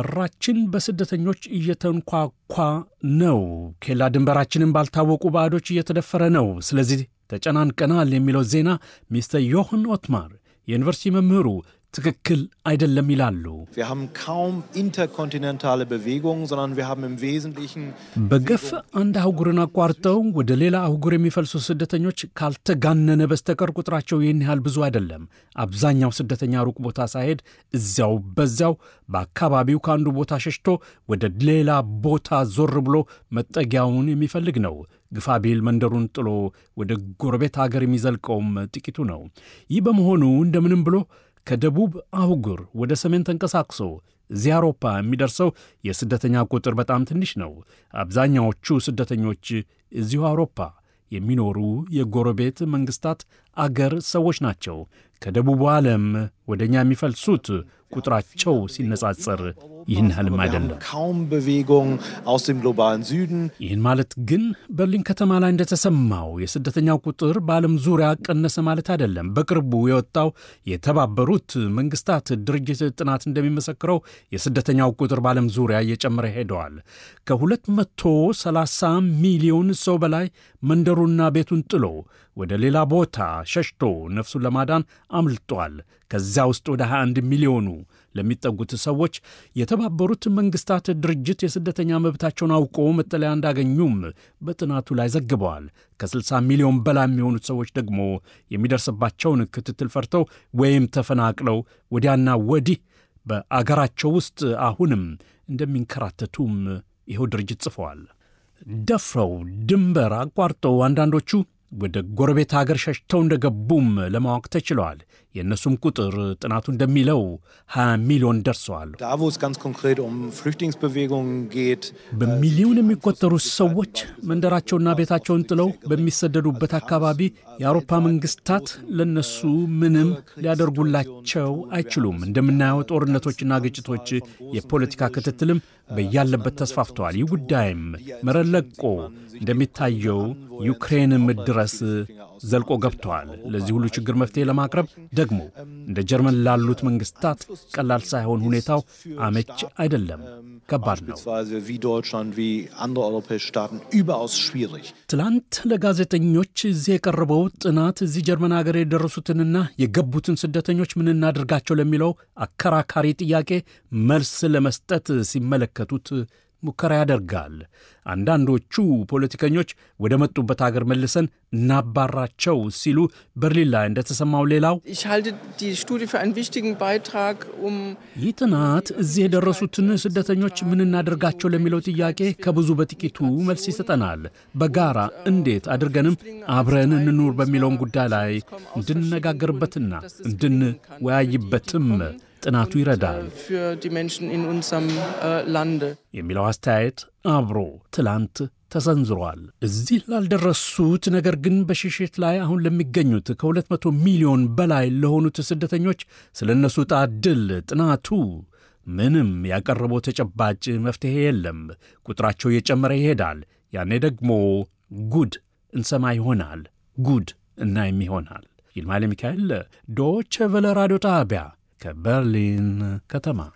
በራችን በስደተኞች እየተንኳኳ ነው፣ ኬላ ድንበራችንን ባልታወቁ ባዕዶች እየተደፈረ ነው፣ ስለዚህ ተጨናንቀናል የሚለው ዜና ሚስተር ዮህን ኦትማር የዩኒቨርሲቲ መምህሩ ትክክል አይደለም ይላሉ። በገፍ አንድ አህጉርን አቋርጠው ወደ ሌላ አህጉር የሚፈልሱ ስደተኞች ካልተጋነነ በስተቀር ቁጥራቸው ይህን ያህል ብዙ አይደለም። አብዛኛው ስደተኛ ሩቅ ቦታ ሳይሄድ እዚያው በዚያው በአካባቢው ከአንዱ ቦታ ሸሽቶ ወደ ሌላ ቦታ ዞር ብሎ መጠጊያውን የሚፈልግ ነው። ግፋቢል መንደሩን ጥሎ ወደ ጎረቤት አገር የሚዘልቀውም ጥቂቱ ነው። ይህ በመሆኑ እንደምንም ብሎ ከደቡብ አህጉር ወደ ሰሜን ተንቀሳቅሶ እዚህ አውሮፓ የሚደርሰው የስደተኛ ቁጥር በጣም ትንሽ ነው። አብዛኛዎቹ ስደተኞች እዚሁ አውሮፓ የሚኖሩ የጎረቤት መንግስታት አገር ሰዎች ናቸው ከደቡቡ ዓለም ወደ እኛ የሚፈልሱት ቁጥራቸው ሲነጻጸር ይህን ያህልም አይደለም። ይህን ማለት ግን በርሊን ከተማ ላይ እንደተሰማው የስደተኛው ቁጥር በዓለም ዙሪያ ቀነሰ ማለት አይደለም። በቅርቡ የወጣው የተባበሩት መንግስታት ድርጅት ጥናት እንደሚመሰክረው የስደተኛው ቁጥር በዓለም ዙሪያ እየጨመረ ሄደዋል። ከ230 ሚሊዮን ሰው በላይ መንደሩና ቤቱን ጥሎ ወደ ሌላ ቦታ ሸሽቶ ነፍሱን ለማዳን አምልጧል። ከዚያ ውስጥ ወደ 21 ሚሊዮኑ ለሚጠጉት ሰዎች የተባበሩት መንግስታት ድርጅት የስደተኛ መብታቸውን አውቆ መጠለያ እንዳገኙም በጥናቱ ላይ ዘግበዋል። ከ60 ሚሊዮን በላይ የሚሆኑት ሰዎች ደግሞ የሚደርስባቸውን ክትትል ፈርተው ወይም ተፈናቅለው ወዲያና ወዲህ በአገራቸው ውስጥ አሁንም እንደሚንከራተቱም ይኸው ድርጅት ጽፈዋል። ደፍረው ድንበር አቋርጠው አንዳንዶቹ ወደ ጎረቤት ሀገር ሸሽተው እንደገቡም ለማወቅ ተችለዋል። የእነሱም ቁጥር ጥናቱ እንደሚለው 20 ሚሊዮን ደርሰዋል። um በሚሊዮን የሚቆጠሩ ሰዎች መንደራቸውና ቤታቸውን ጥለው በሚሰደዱበት አካባቢ የአውሮፓ መንግስታት ለነሱ ምንም ሊያደርጉላቸው አይችሉም። እንደምናየው ጦርነቶችና ግጭቶች፣ የፖለቲካ ክትትልም በያለበት ተስፋፍተዋል። ይህ ጉዳይም መረለቆ እንደሚታየው ዩክሬንም ድረስ ዘልቆ ገብተዋል። ለዚህ ሁሉ ችግር መፍትሄ ለማቅረብ ደግሞ እንደ ጀርመን ላሉት መንግስታት ቀላል ሳይሆን ሁኔታው አመች አይደለም፣ ከባድ ነው። ትላንት ለጋዜጠኞች እዚህ የቀረበው ጥናት እዚህ ጀርመን ሀገር የደረሱትንና የገቡትን ስደተኞች ምን እናድርጋቸው ለሚለው አከራካሪ ጥያቄ መልስ ለመስጠት ሲመለከቱት ሙከራ ያደርጋል። አንዳንዶቹ ፖለቲከኞች ወደ መጡበት አገር መልሰን እናባራቸው ሲሉ በርሊን ላይ እንደተሰማው ሌላው um ይህ ጥናት እዚህ የደረሱትን ስደተኞች ምን እናደርጋቸው ለሚለው ጥያቄ ከብዙ በጥቂቱ መልስ ይሰጠናል። በጋራ እንዴት አድርገንም አብረን እንኑር በሚለውን ጉዳይ ላይ እንድንነጋገርበትና እንድንወያይበትም ጥናቱ ይረዳል äh, የሚለው አስተያየት አብሮ ትላንት ተሰንዝሯል። እዚህ ላልደረሱት ነገር ግን በሽሽት ላይ አሁን ለሚገኙት ከ200 ሚሊዮን በላይ ለሆኑት ስደተኞች ስለ እነሱ ዕጣ ዕድል ጥናቱ ምንም ያቀረበው ተጨባጭ መፍትሔ የለም። ቁጥራቸው እየጨመረ ይሄዳል። ያኔ ደግሞ ጉድ እንሰማ ይሆናል። ጉድ እናይም ይሆናል። ይልማይለ ሚካኤል ዶቼ ቬለ ራዲዮ ጣቢያ כברלין, כתמה.